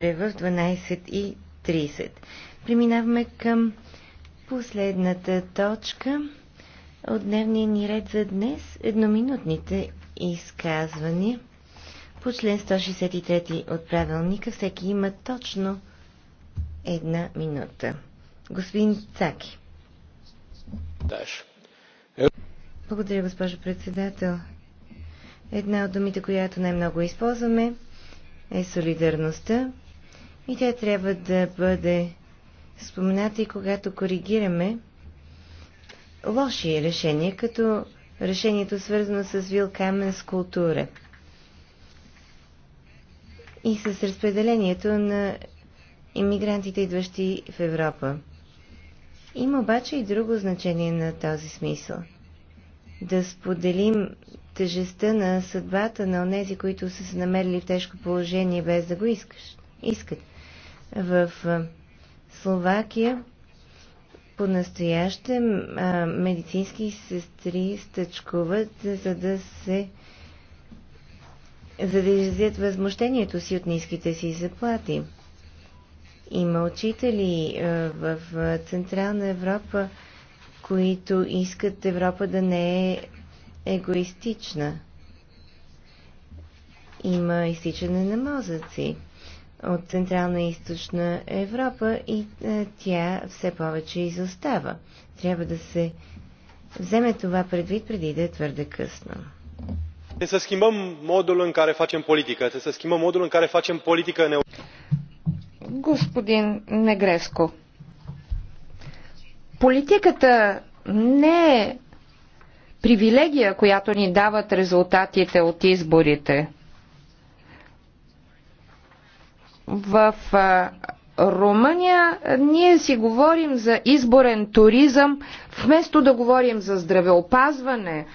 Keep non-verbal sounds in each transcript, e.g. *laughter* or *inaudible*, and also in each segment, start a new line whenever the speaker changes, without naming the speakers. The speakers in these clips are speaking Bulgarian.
е в 12.30. Преминаваме към последната точка от дневния ни ред за днес. Едноминутните изказвания по член 163 от правилника. Всеки има точно една минута. Господин Цаки. Даш. Благодаря, госпожо председател. Една от думите, която най-много използваме, е солидарността. И тя трябва да бъде спомената и когато коригираме лоши решения, като решението свързано с вил с култура и с разпределението на иммигрантите, идващи в Европа. Има обаче и друго значение на този смисъл. Да споделим тежестта на съдбата на онези, които са се намерили в тежко положение без да го искаш, искат. В Словакия по настояще медицински сестри стъчкуват, за да се за да изразят възмущението си от ниските си заплати. Има учители в Централна Европа, които искат Европа да не е егоистична. Има изтичане на мозъци от Централна и Източна Европа и е, тя все повече изостава. Трябва да се вземе това предвид преди да е твърде късно.
Господин Негреско, политиката не е привилегия, която ни дават резултатите от изборите. В Румъния ние си говорим за изборен туризъм, вместо да говорим за здравеопазване,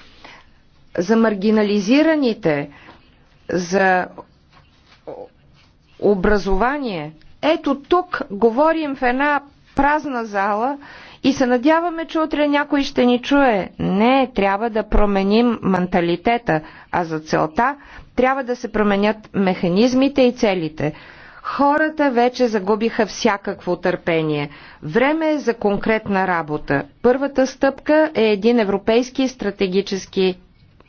за маргинализираните, за образование. Ето тук говорим в една празна зала и се надяваме, че утре някой ще ни чуе. Не, трябва да променим менталитета, а за целта трябва да се променят механизмите и целите. Хората вече загубиха всякакво търпение. Време е за конкретна работа. Първата стъпка е един европейски стратегически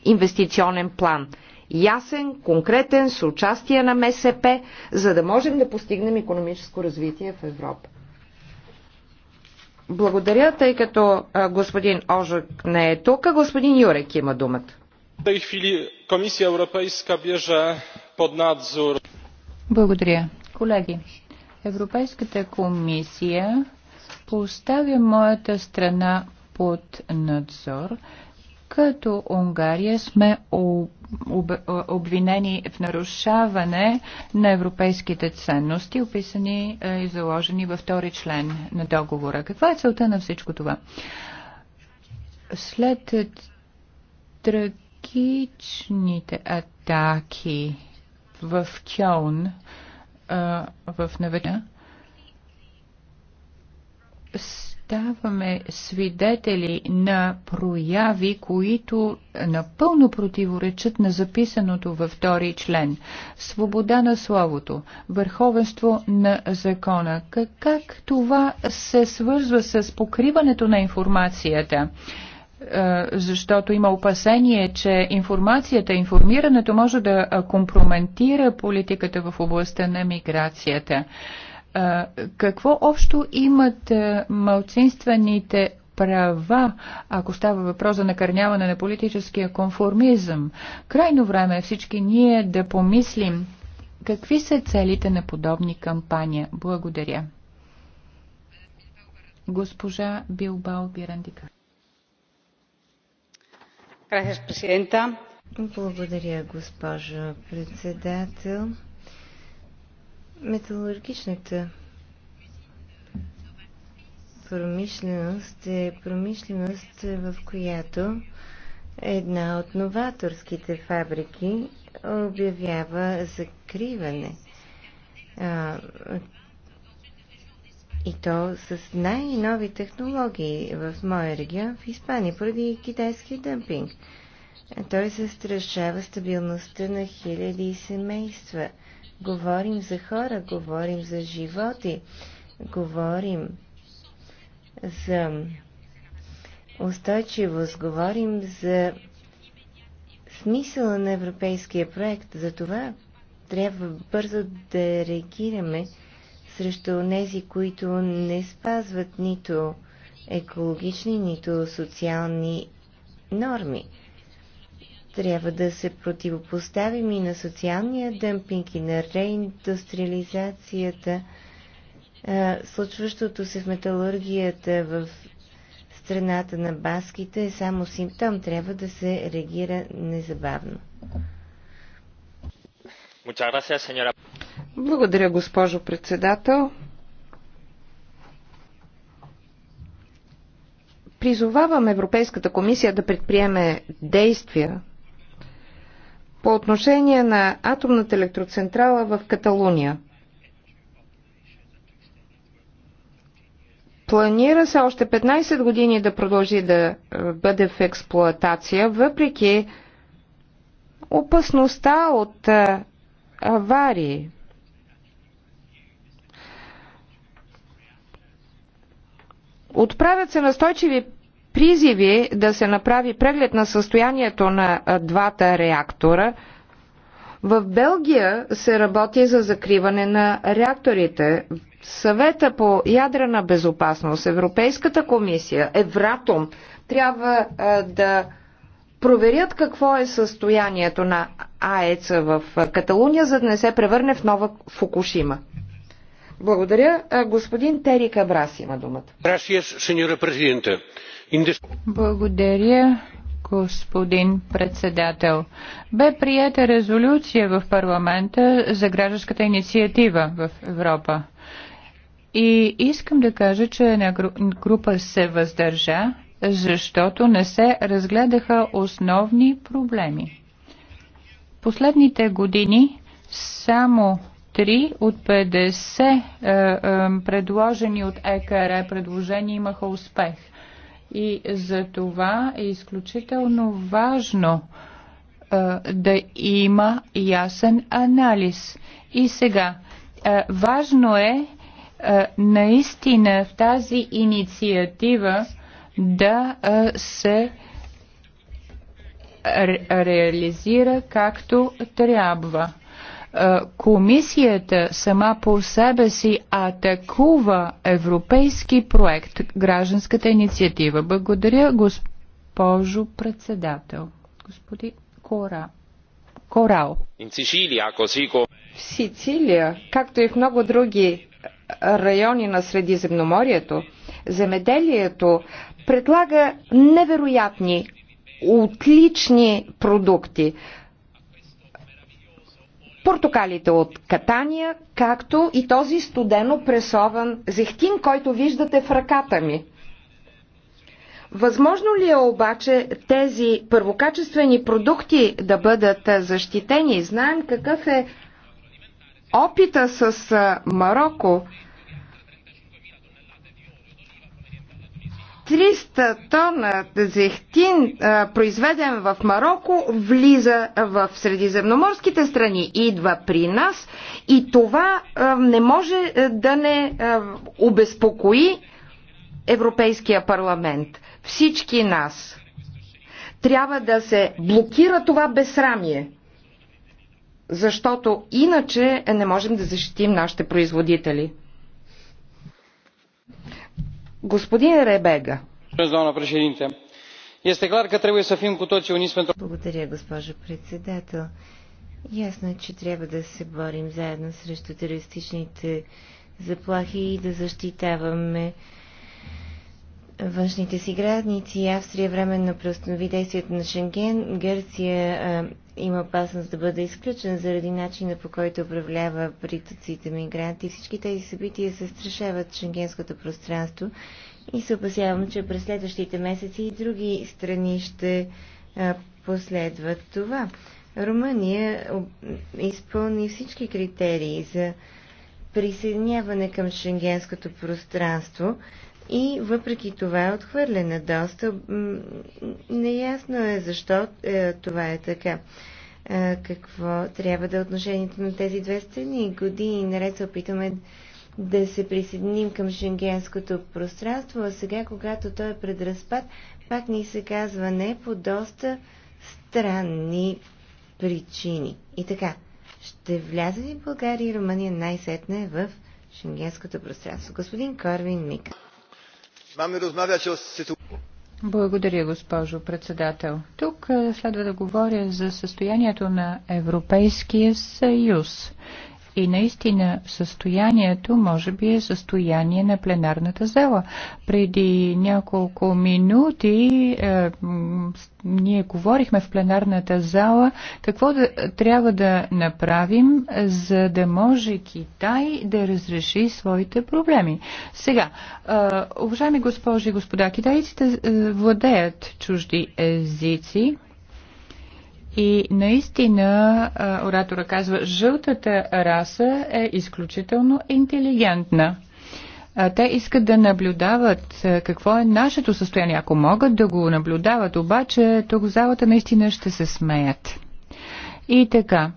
инвестиционен план. Ясен, конкретен, с участие на МСП, за да можем да постигнем економическо развитие в Европа. Благодаря, тъй като господин Ожък не е тук, а господин Юрек има думата.
В тази хвили
Комисия Европейска bierze под надзор.
Благодаря колеги, Европейската комисия поставя моята страна под надзор, като Унгария сме обвинени в нарушаване на европейските ценности, описани е, и заложени във втори член на договора. Каква е целта на всичко това? След е, трагичните атаки в Кьон, а, в Неведа. ставаме свидетели на прояви, които напълно противоречат на записаното във втори член. Свобода на словото, върховенство на закона. Как това се свързва с покриването на информацията? Е, защото има опасение, че информацията, информирането може да компрометира политиката в областта на миграцията. Е, какво общо имат е, малцинствените права, ако става въпрос за накърняване на политическия конформизъм? Крайно време е всички ние да помислим какви са целите на подобни кампания. Благодаря. Госпожа Билбао Бирандика.
Благодаря, госпожо председател. Металургичната промишленост е промишленост, в която една от новаторските фабрики обявява закриване. И то с най-нови технологии в моя регион в Испания, поради китайски дъмпинг. Той застрашава стабилността на хиляди семейства. Говорим за хора, говорим за животи, говорим за устойчивост, говорим за смисъла на европейския проект. За това трябва бързо да реагираме срещу тези, които не спазват нито екологични, нито социални норми. Трябва да се противопоставим и на социалния дъмпинг, и на реиндустриализацията, случващото се в металургията в страната на баските е само симптом. Трябва да се реагира незабавно.
Muchas gracias, señora. Благодаря, госпожо председател. Призовавам Европейската комисия да предприеме действия по отношение на атомната електроцентрала в Каталуния. Планира се още 15 години да продължи да е, бъде в експлоатация, въпреки опасността от е, аварии. Отправят се настойчиви призиви да се направи преглед на състоянието на двата реактора. В Белгия се работи за закриване на реакторите. Съвета по ядрена безопасност, Европейската комисия, Евратом трябва да проверят какво е състоянието на АЕЦ в Каталуния, за да не се превърне в нова Фукушима.
Благодаря. Господин Тери Кабрас има думата. Благодаря, господин председател. Бе прията резолюция в парламента за гражданската инициатива в Европа. И искам да кажа, че една група се въздържа, защото не се разгледаха основни проблеми. Последните години само 3 от 50 е, е, предложени от ЕКР предложения имаха успех. И за това е изключително важно е, да има ясен анализ. И сега, е, важно е, е наистина в тази инициатива да е, се ре реализира както трябва. Е, комисията сама по себе си атакува европейски проект, гражданската инициатива. Благодаря, госпожо председател. Господи Кора. Корал. В Сицилия, както и в много
други райони на Средиземноморието, земеделието предлага невероятни, отлични продукти портокалите от Катания, както и този студено пресован зехтин, който виждате в ръката ми. Възможно ли е обаче тези първокачествени продукти да бъдат защитени? Знаем какъв е опита с Марокко. 300 тона зехтин, произведен в Марокко, влиза в средиземноморските страни, идва при нас и това не може да не обезпокои Европейския парламент, всички нас. Трябва да се блокира това безсрамие, защото иначе не можем да защитим нашите производители. Господин Ребега. Благодаря, госпожо председател.
Ясно е, че трябва да се борим заедно срещу терористичните заплахи и да защитаваме външните си граници. Австрия временно преустанови действието на Шенген, Гърция има опасност да бъде изключен заради начина по който управлява притоците мигранти. Всички тези събития се страшават шенгенското пространство и се опасявам, че през следващите месеци и други страни ще а, последват това. Румъния изпълни всички критерии за присъединяване към шенгенското пространство, и въпреки това е отхвърлена доста. Неясно е защо е, това е така. Е, какво трябва да е отношението на тези две страни? Години наред се опитваме да се присъединим към шенгенското пространство, а сега, когато той е пред разпад, пак ни се казва не по доста странни причини. И така, ще вляза ли България и Румъния най-сетне в шенгенското пространство? Господин Корвин Мик.
Благодаря, госпожо председател. Тук е, следва да говоря за състоянието на Европейския съюз и наистина състоянието може би е състояние на пленарната зала. Преди няколко минути е, ние говорихме в пленарната зала какво да, трябва да направим, за да може Китай да разреши своите проблеми. Сега, е, уважаеми госпожи и господа, китайците е, владеят чужди езици, и наистина, оратора казва, жълтата раса е изключително интелигентна. Те искат да наблюдават какво е нашето състояние. Ако могат да го наблюдават, обаче тук в залата наистина ще се смеят. И така,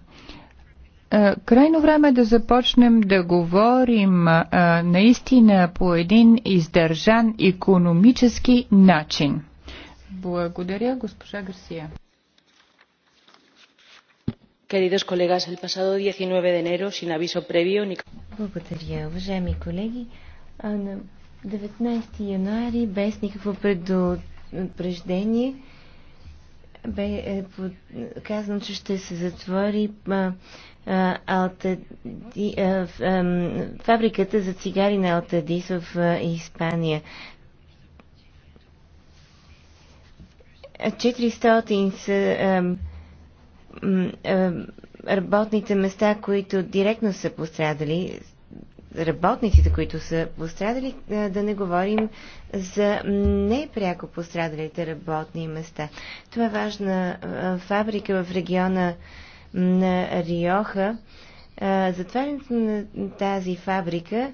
крайно време е да започнем да говорим наистина по един издържан економически начин. Благодаря, госпожа Гарсия. Queridos colegas, el pasado 19 de enero, sin aviso previo, ni... Благодаря,
уважаеми колеги. А на 19 януари, без никакво предупреждение, бе е, под... казано, че ще се затвори а, а, Алта, а, а, фабриката за цигари на Алтадис в а, Испания. 400 са е, работните места, които директно са пострадали, работниците, които са пострадали, е, да не говорим за непряко пострадалите работни места. Това е важна е, фабрика в региона на Риоха. Затварянето на тази фабрика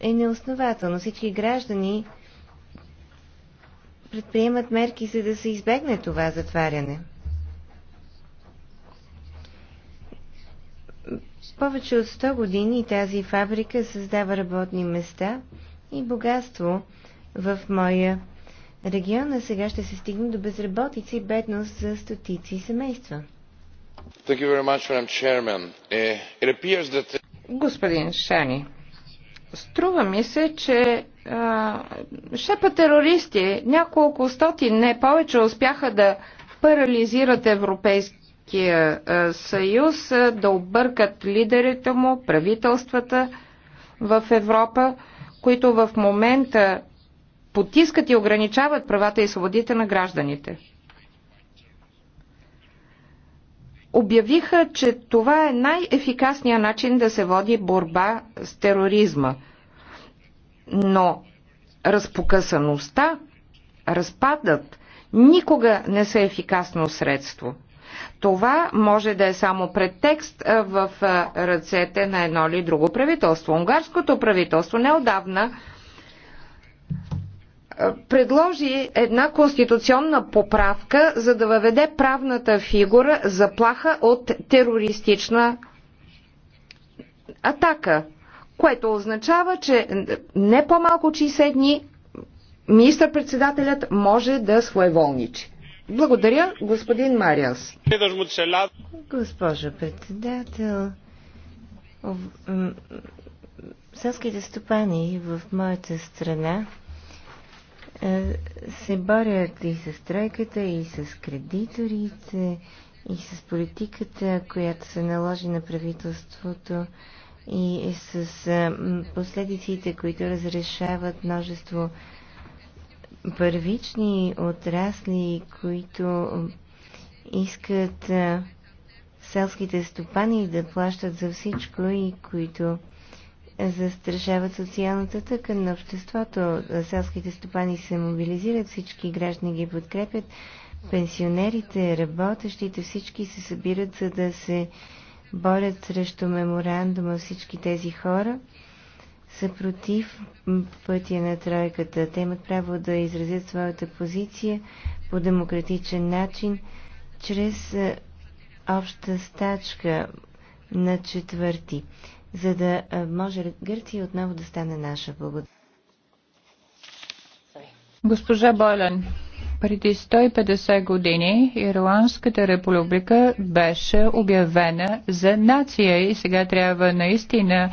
е неоснователно. Всички граждани предприемат мерки, за да се избегне това затваряне. Повече от 100 години тази фабрика създава работни места и богатство в моя регион, а сега ще се стигне до безработица и бедност за стотици семейства. Е,
Господин Шани, струва ми се, че шепа терористи, няколко стоти, не повече, успяха да парализират европейски Европейския съюз, да объркат лидерите му, правителствата в Европа, които в момента потискат и ограничават правата и свободите на гражданите. Обявиха, че това е най-ефикасният начин да се води борба с тероризма. Но разпокъсаността, разпадът никога не са ефикасно средство – това може да е само предтекст в ръцете на едно или друго правителство. Унгарското правителство неодавна предложи една конституционна поправка, за да въведе правната фигура заплаха от терористична атака, което означава, че не по-малко 60 дни министър-председателят може да своеволничи. Благодаря, господин Мариас. Госпожа председател,
селските стопани в моята страна е, се борят и с тройката, и с кредиторите, и с политиката, която се наложи на правителството, и с е, последиците, които разрешават множество първични отрасли, които искат селските стопани да плащат за всичко и които застрашават социалната тъкан на обществото. Селските стопани се мобилизират, всички граждани ги подкрепят, пенсионерите, работещите, всички се събират, за да се борят срещу меморандума всички тези хора – са против пътя на тройката. Те имат право да изразят своята позиция по демократичен начин, чрез обща стачка на четвърти, за да може Гърция отново да стане наша. Благодаря.
Госпожа Бойлен. Преди 150 години Ирландската република беше обявена за нация и сега трябва наистина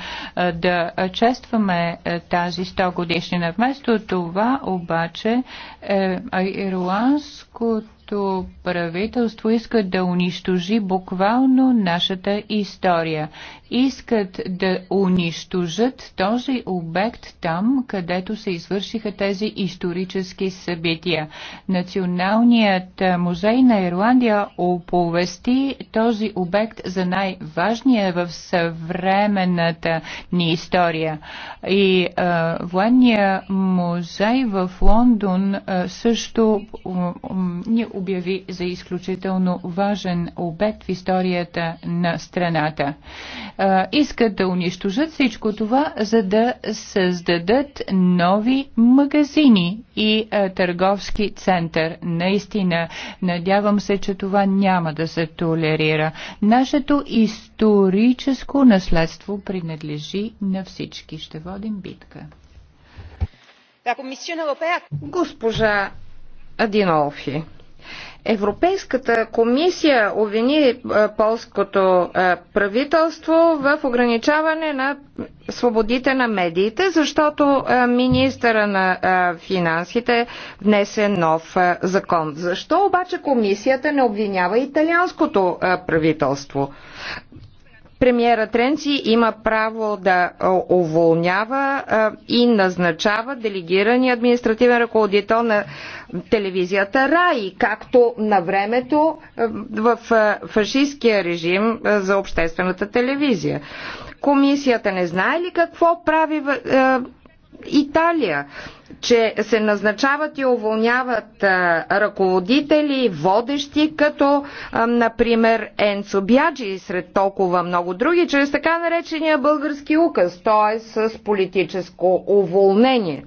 да честваме тази 100 годишнина. Вместо това обаче е, ирландското нашето правителство искат да унищожи буквално нашата история. Искат да унищожат този обект там, където се извършиха тези исторически събития. Националният музей на Ирландия оповести този обект за най-важния в съвременната ни история. И а, военния музей в Лондон а, също а, ни обяви за изключително важен обект в историята на страната. Искат да унищожат всичко това, за да създадат нови магазини и търговски център. Наистина, надявам се, че това няма да се толерира. Нашето историческо наследство принадлежи на всички. Ще водим битка. Госпожа Адинолфи. Европейската комисия
обвини е, полското е, правителство в ограничаване на свободите на медиите, защото е, министъра на финансите внесе нов закон. Защо обаче комисията не обвинява италианското правителство? премиера Тренци има право да уволнява и назначава делегирания административен ръководител на телевизията РАИ, както на времето в фашистския режим за обществената телевизия. Комисията не знае ли какво прави Италия, че се назначават и уволняват а, ръководители, водещи, като, а, например, Енцо Бяджи и сред толкова много други, чрез така наречения български указ, т.е. с политическо уволнение.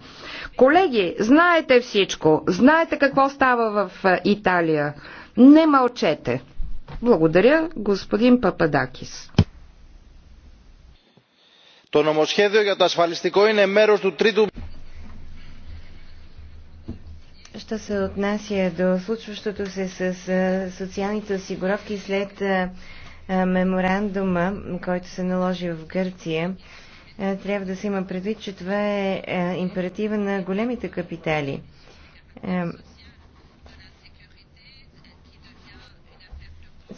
Колеги, знаете всичко, знаете какво става в Италия. Не мълчете. Благодаря, господин Пападакис
το
νομοσχέδιο για το ασφαλιστικό είναι μέρος του τρίτου Що се отнася до случващото се с е, социалните осигуровки след е, е, меморандума, който се наложи в Гърция, трябва да се има предвид, че това е императива на големите капитали.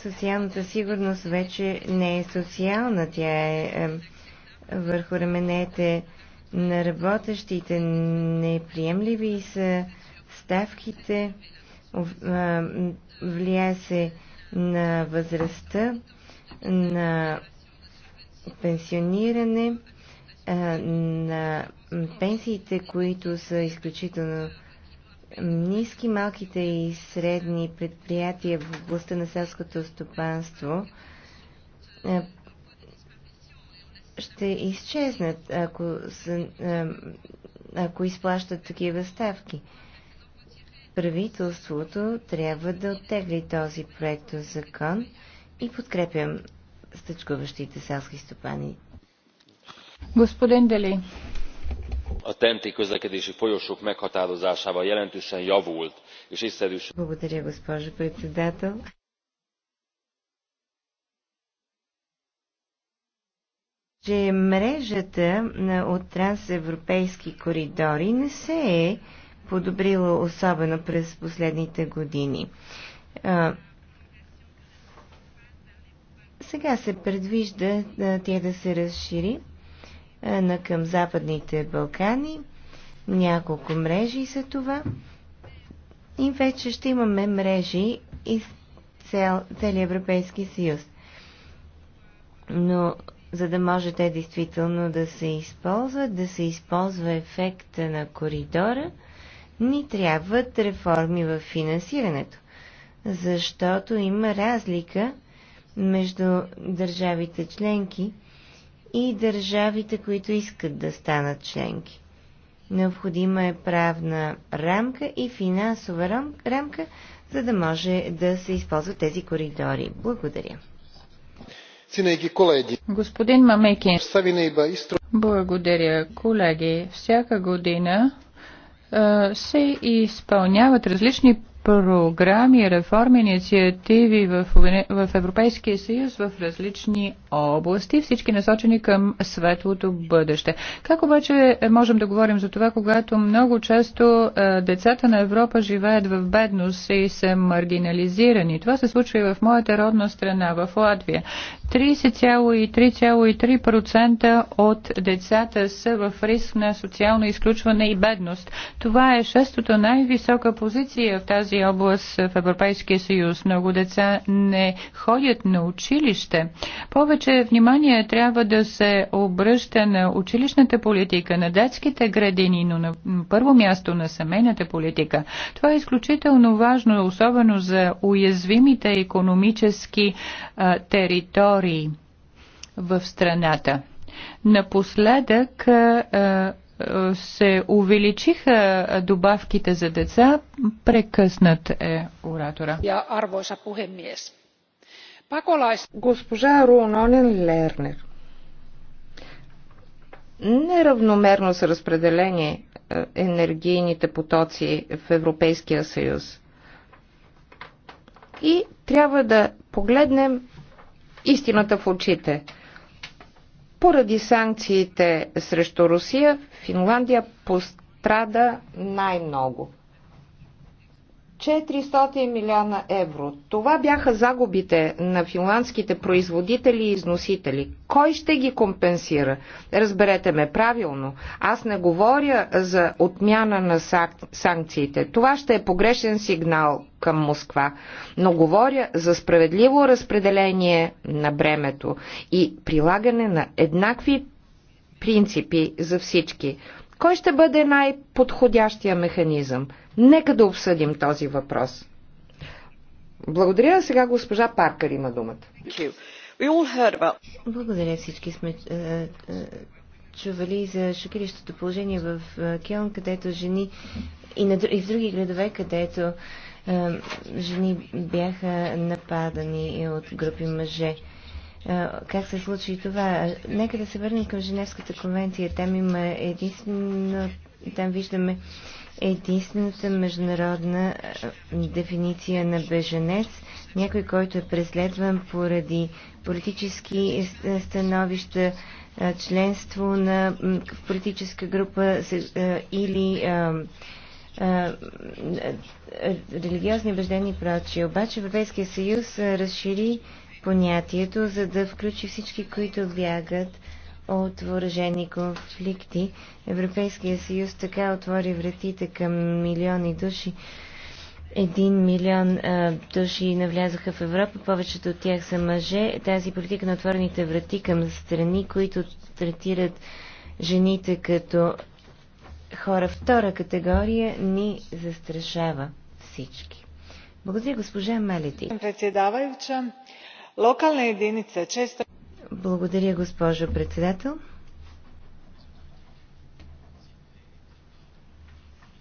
Социалната сигурност вече не е социална, тя е върху раменете на работещите. Неприемливи са ставките, влияе се на възрастта, на пенсиониране, на пенсиите, които са изключително ниски, малките и средни предприятия в областта на селското стопанство ще изчезнат, ако, са, е, ако изплащат такива ставки. Правителството трябва да оттегли този проект закон и подкрепям стъчкуващите селски стопани.
Господин Дели.
A közlekedési folyosók meghatározásával jelentősen javult és
Благодаря,
госпожо председател.
че мрежата от трансевропейски коридори не се е подобрила особено през последните години. Сега се предвижда тя да се разшири на към Западните Балкани. Няколко мрежи са това. И вече ще имаме мрежи из цел, целия Европейски съюз. Но за да може те действително да се използват, да се използва ефекта на коридора, ни трябват реформи в финансирането, защото има разлика между държавите членки и държавите, които искат да станат членки. Необходима е правна рамка и финансова рамка, за да може да се използват тези коридори.
Благодаря колеги. Господин Мамекин. Благодаря, колеги. Всяка година се изпълняват различни програми, реформи, инициативи в, в Европейския съюз в различни области, всички насочени към светлото бъдеще. Как обаче можем да говорим за това, когато много често е, децата на Европа живеят в бедност и са маргинализирани? Това се случва и в моята родна страна, в Латвия. 30,3,3% от децата са в риск на социално изключване и бедност. Това е шестото най-висока позиция в тази тази област в Европейския съюз. Много деца не ходят на училище. Повече внимание трябва да се обръща на училищната политика, на детските градини, но на първо място на семейната политика. Това е изключително важно, особено за уязвимите економически а, територии в страната. Напоследък а, се увеличиха добавките за деца, прекъснат е оратора. Госпожа Руононен Лернер.
Неравномерно са разпределени е, енергийните потоци в Европейския съюз. И трябва да погледнем истината в очите – поради санкциите срещу Русия, Финландия пострада най-много. 400 милиона евро. Това бяха загубите на финландските производители и износители. Кой ще ги компенсира? Разберете ме правилно. Аз не говоря за отмяна на санкциите. Това ще е погрешен сигнал към Москва. Но говоря за справедливо разпределение на бремето и прилагане на еднакви принципи за всички. Кой ще бъде най-подходящия механизъм? Нека да обсъдим този въпрос. Благодаря. Сега госпожа Паркър има думата. Благодаря всички сме е, е,
чували за шокиращото положение в е, Келн, където жени и, на, и в други градове, където жени бяха нападани от групи мъже. Е, как се случи това. Нека да се върнем към Женевската конвенция. Там има единствено, там виждаме единствената международна е, дефиниция на беженец, някой, който е преследван поради политически е, становища, членство на в политическа група или религиозни убеждения и прочие. Обаче Европейския съюз разшири понятието, за да включи всички, които бягат от въоръжени конфликти. Европейския съюз така отвори вратите към милиони души. Един милион а, души навлязоха в Европа, повечето от тях са мъже. Тази политика на отворените врати към страни, които третират жените като хора втора категория, ни застрашава всички. Благодаря, госпожа Мелети.
Председавайча, Локални единица често...
Благодаря, госпожо председател.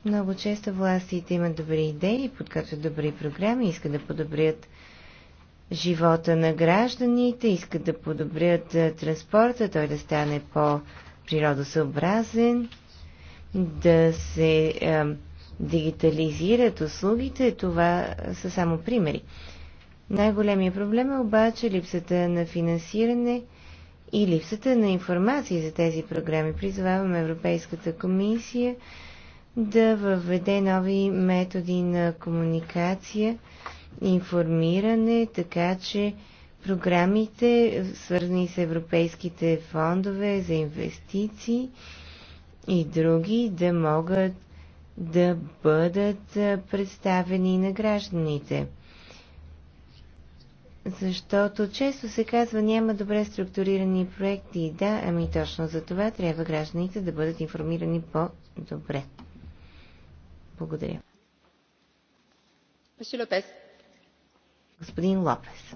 Много често властите имат добри идеи, подкачат добри програми, искат да подобрят живота на гражданите, искат да подобрят е, транспорта, той да стане по-природосъобразен, да се е, дигитализират услугите. Това са само примери. Най-големия проблем е обаче липсата на финансиране и липсата на информация за тези програми. Призоваваме Европейската комисия да въведе нови методи на комуникация, информиране, така че програмите, свързани с европейските фондове за инвестиции и други, да могат да бъдат представени на гражданите – защото често се казва няма добре структурирани проекти. Да, ами точно за това трябва гражданите да бъдат информирани по-добре. Благодаря. Господин Лопес.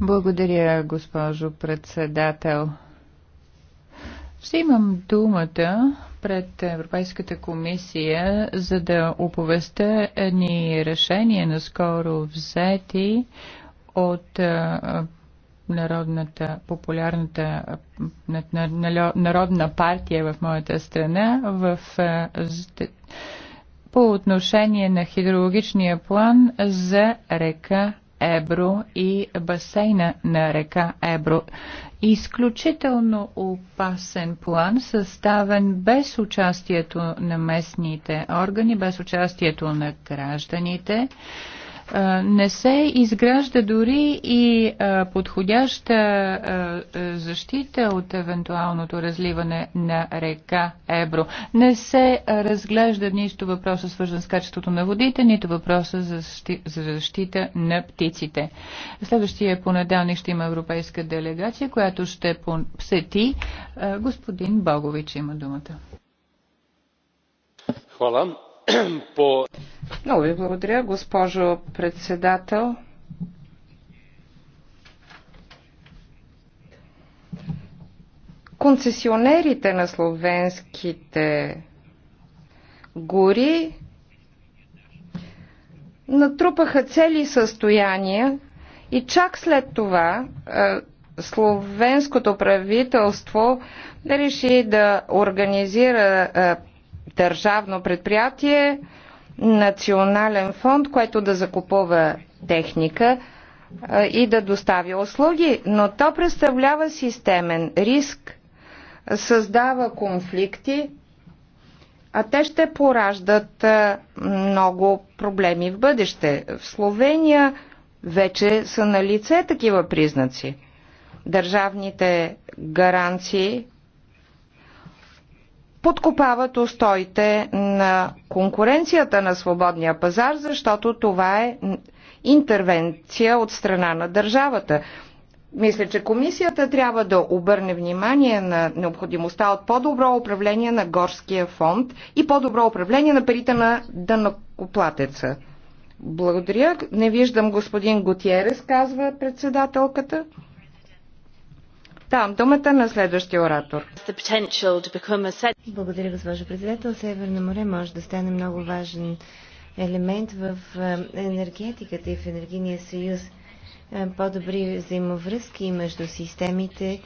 Благодаря, госпожо председател. Взимам думата пред Европейската комисия, за да оповестя ни на скоро взети от народната, популярната народна партия в моята страна в по отношение на хидрологичния план за река Ебро и басейна на река Ебро. Изключително опасен план, съставен без участието на местните органи, без участието на гражданите не се изгражда дори и подходяща защита от евентуалното разливане на река Ебро. Не се разглежда нищо въпроса свързан с качеството на водите, нито въпроса за защита на птиците. Следващия понеделник ще има европейска делегация, която ще посети. Господин Богович има думата.
Хвала. *clears throat* по...
Много ви благодаря, госпожо
председател. Концесионерите на словенските гори натрупаха цели състояния и чак след това е, словенското правителство реши да организира е, държавно предприятие, национален фонд, което да закупува техника и да доставя услуги, но то представлява системен риск, създава конфликти, а те ще пораждат много проблеми в бъдеще. В Словения вече са на лице такива признаци. Държавните гаранции подкопават устоите на конкуренцията на свободния пазар, защото това е интервенция от страна на държавата. Мисля, че комисията трябва да обърне внимание на необходимостта от по-добро управление на горския фонд и по-добро управление на парите на дънакоплатеца. Благодаря. Не виждам господин Готиерес, казва председателката. Давам думата на следващия оратор. Благодаря, госпожо
председател. Северно море може да стане много важен елемент в е, енергетиката и в енергийния съюз. Е, по-добри взаимовръзки между системите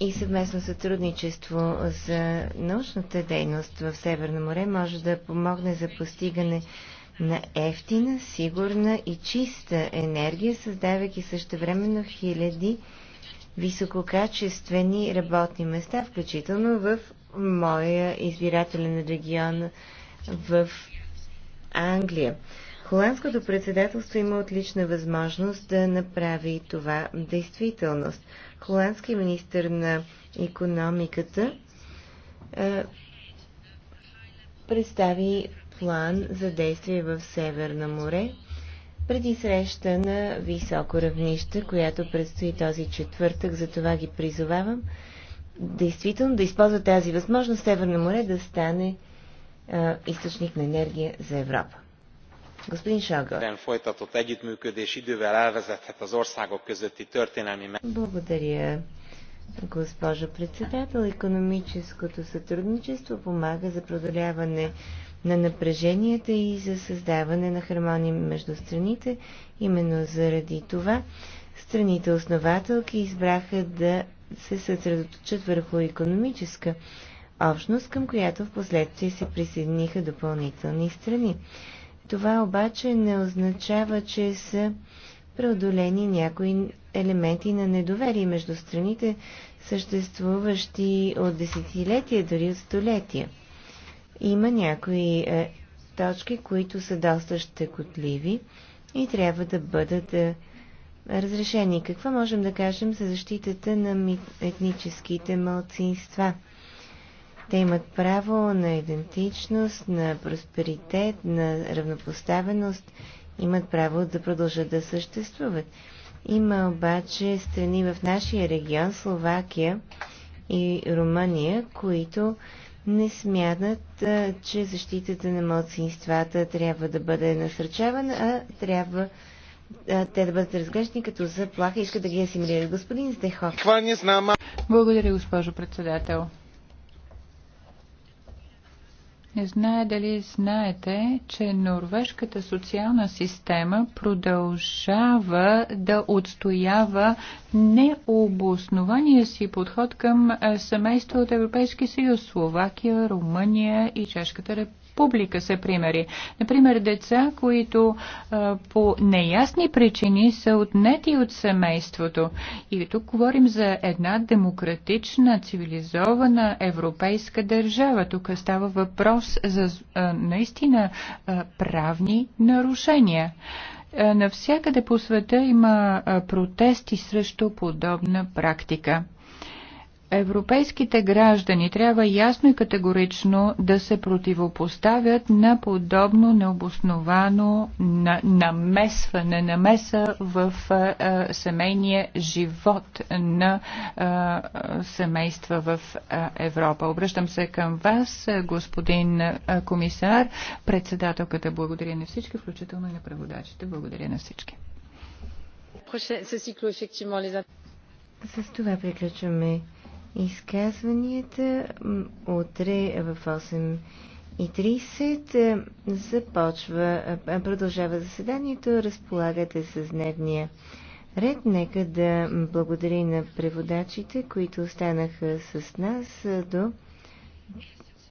и съвместно сътрудничество за научната дейност в Северно море може да помогне за постигане на ефтина, сигурна и чиста енергия, създавайки същевременно хиляди висококачествени работни места, включително в моя избирателен регион в Англия. Холандското председателство има отлична възможност да направи това действителност. Холандски министр на економиката е, представи план за действие в Северно море преди среща на високо равнище, която предстои този четвъртък, за това ги призовавам действително да използва тази възможност Северно море да стане а, източник на енергия за Европа. Господин Шагър. Благодаря, госпожо председател. Економическото сътрудничество помага за продоляване на напреженията и за създаване на хармония между страните. Именно заради това страните основателки избраха да се съсредоточат върху економическа общност, към която в последствие се присъединиха допълнителни страни. Това обаче не означава, че са преодолени някои елементи на недоверие между страните, съществуващи от десетилетия, дори от столетия. Има някои е, точки, които са доста щекотливи и трябва да бъдат е, разрешени. Какво можем да кажем за защитата на етническите малцинства? Те имат право на идентичност, на просперитет, на равнопоставеност, имат право да продължат да съществуват. Има обаче страни в нашия регион, Словакия и Румъния, които не смятат, че защитата на младсинствата трябва да бъде насърчавана, а трябва те да бъдат разглеждани като заплаха и искат да ги асимилират. Господин
Здехов. Благодаря, госпожо председател. Не знае дали знаете, че норвежката социална система продължава да отстоява необоснования си подход към семейство от Европейски съюз, Словакия, Румъния и Чешката република публика са примери. Например, деца, които а, по неясни причини са отнети от семейството. И тук говорим за една демократична, цивилизована европейска държава. Тук става въпрос за а, наистина а, правни нарушения. Навсякъде по света има протести срещу подобна практика европейските граждани трябва ясно и категорично да се противопоставят на подобно необосновано намесване, намеса в семейния живот на семейства в Европа. Обръщам се към вас, господин комисар, председателката. Благодаря на всички, включително и на преводачите. Благодаря на всички.
С това приключваме изказванията. Утре в 8.30 е, започва, е, продължава заседанието. Разполагате с дневния ред. Нека да благодаря на преводачите, които останаха с нас е, до